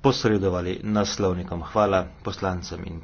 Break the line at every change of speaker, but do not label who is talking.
posredovali naslovnikom. Hvala poslancem in poslancem.